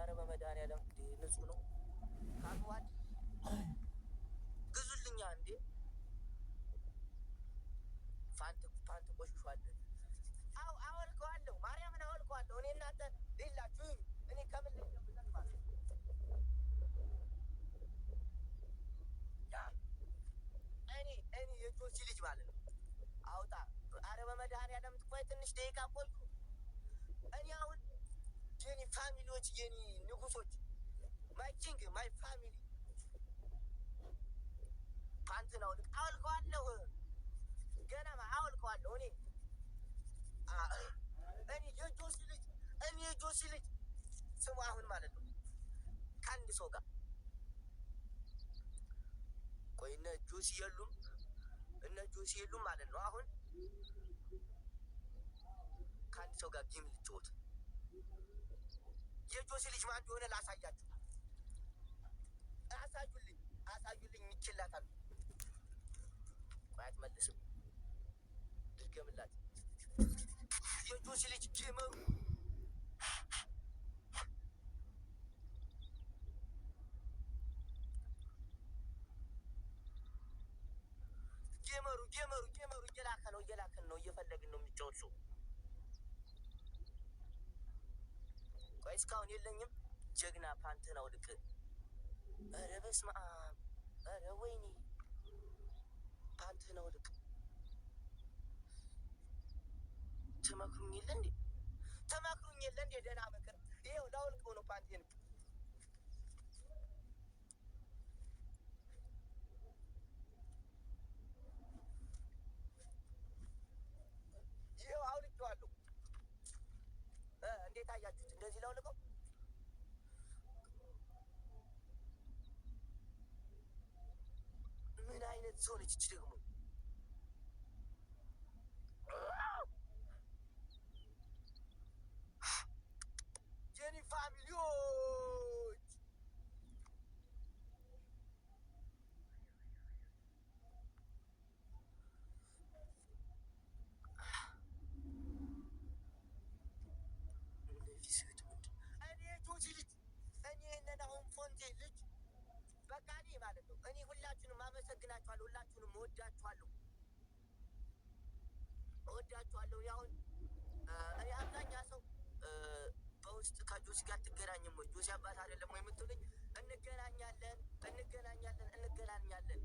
ኧረ በመድኃኒዓለም እንዴ ንጹህ ነው ካቷል ግዙልኛ እንዴ ፋሚሊዎች የኔ ንጉሶች ማይ ኪንግ ማይ ፋሚሊ ፓንትን አውልቅ አውልቀዋለሁ። ገና አውልቀዋለሁ። እኔ እኔ የጆሲ ልጅ እኔ የጆሲ ልጅ ስሙ አሁን ማለት ነው ከአንድ ሰው ጋር ቆይ እነ ጆሲ የሉም እነ ጆሲ የሉም ማለት ነው። አሁን ከአንድ ሰው ጋር ጌም ልጫወት የጆሲ ልጅ ማን እንደሆነ ላሳያችሁ። አሳዩልኝ፣ አሳዩልኝ። ይችላታል። ቆይ አትመልስም። ድርገምላት። የጆሲ ልጅ ጅመሩ ጀመሩ ጀመሩ ጀመሩ እየላከ ነው እየላከን ነው እየፈለግን ነው የሚጫወት ሰው ቆይ እስካሁን የለኝም። ጀግና ፓንተና ውልቅ። ኧረ በስመ አብ! ኧረ ወይኔ ፓንተና ውልቅ። ትመክሩኝ የለ እንዴ? ተመክሩኝ የለ እንዴ? ደህና ምክር። ይኸው ላውልቀው ነው ፓንቴን እንዴት አያችሁት? እንደዚህ ላውልቀው ምን አይነት ሰው ነች ደግሞ እወዳችኋለሁ እወዳችኋለሁ። ያሁን እኔ አብዛኛ ሰው በውስጥ ከጆሲ ጋር አትገናኝም ወይ ጆሲ አባት አይደለም ወይ የምትሉኝ፣ እንገናኛለን እንገናኛለን እንገናኛለን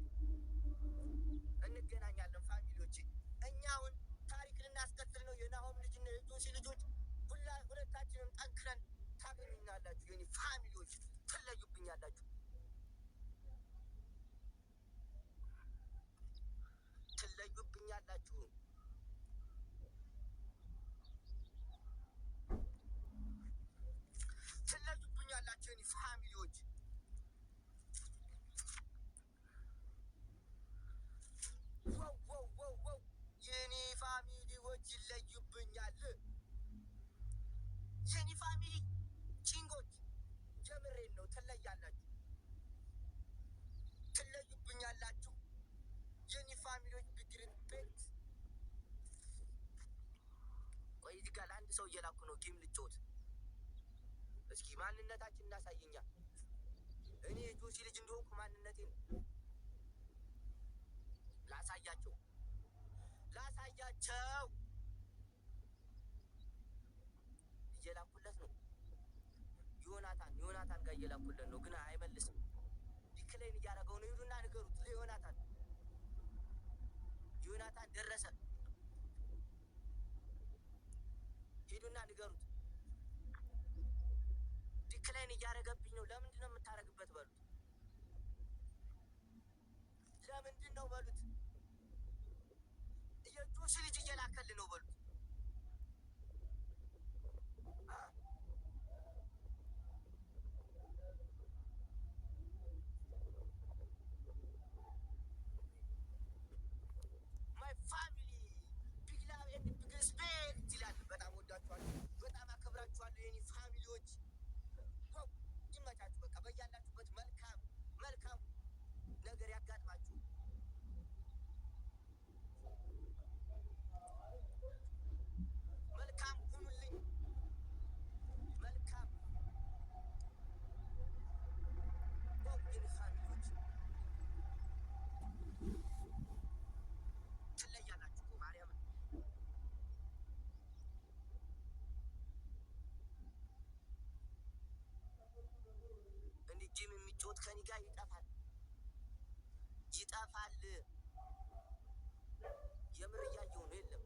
ታገኛላችሁ። ትለዩብኛላችሁ የእኔ ፋሚሊዎች። ወወወወው ፋሚሊዎች ይለዩብኛል። የኔ ፋሚሊ ቺንጎች ጀምሬን ነው ትለያላችሁ። ጋር ለአንድ ሰው እየላኩ ነው ጌም ልጮት። እስኪ ማንነታችን እናሳየኛ። እኔ ጆሲ ልጅ እንደሆንኩ ማንነቴን ላሳያቸው ላሳያቸው እየላኩለት ነው። ዮናታን ዮናታን ጋር እየላኩለት ነው፣ ግን አይመልስም። ዲክላይን እያደረገው ነው። ሂዱና ንገሩት ለዮናታን ዮናታን ደረሰ ሂዱና ንገሩት። ዲክላይን እያደረገብኝ ነው፣ ለምንድን ነው የምታደርግበት በሉት። ለምንድን ነው በሉት። የጆሽ ልጅ እየላከል ነው በሉት ጩኸት ከኔ ጋር ይጠፋል ይጠፋል። የምር እያየሁ ነው። የለም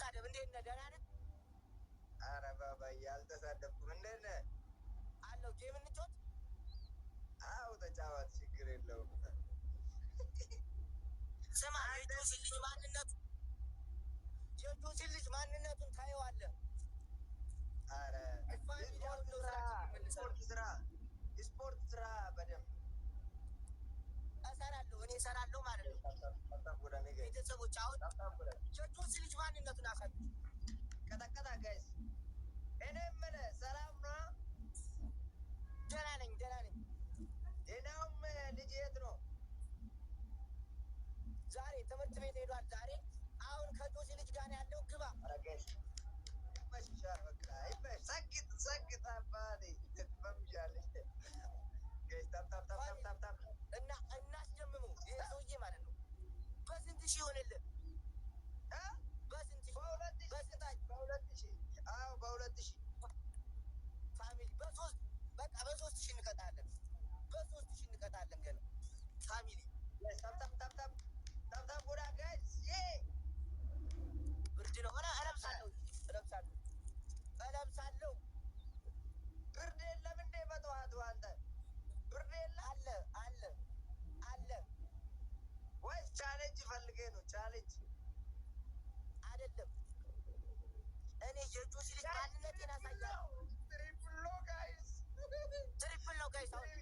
አትሳደብ። እንዴት ነህ? ደህና ነህ? ኧረ ባባዬ አልተሳደብኩም። እንዴት ነህ? አለሁ። ጌም እንጫወት? አዎ ተጫወት፣ ችግር የለውም። ስማ የጆሲን ልጅ ማንነቱ የጆሲን ልጅ ማንነቱን ታየዋለህ። ኧረ ስፖርት ስራ፣ ስፖርት ስራ በደንብ እሰራለሁ። እኔ እሰራለሁ ማለት ነው ቤተሰቦች አሁን ቸርቾስ ልጅ ማንነቱን አሳዩ። ቀጠቀጣ ጋይዝ እኔ የምልህ ሰላም ነዋ። ደህና ነኝ፣ ደህና ነኝ። ሌላውም ልጅ የት ነው? ዛሬ ትምህርት ቤት ሄዷል። ዛሬ አሁን ከጆሲ ልጅ ጋር ያለው ግባ ሰግጥ ሰግጥ አባ ሺህ ይሆንልህ በሁለት ሺህ ፋሚሊ በቃ በሶስት ሺህ እንቀጣለን። በሶስት ሺህ እንቀጣለን። ገና ፋሚሊ ብርድ ነው። ወይስ ቻሌንጅ ፈልጌ ነው? ቻሌንጅ አይደለም። እኔ የጆሲ ልጅ ማንነቴን አሳያለሁ። ትሪፕል ነው ጋይስ፣ ትሪፕል ነው ጋይስ አሁን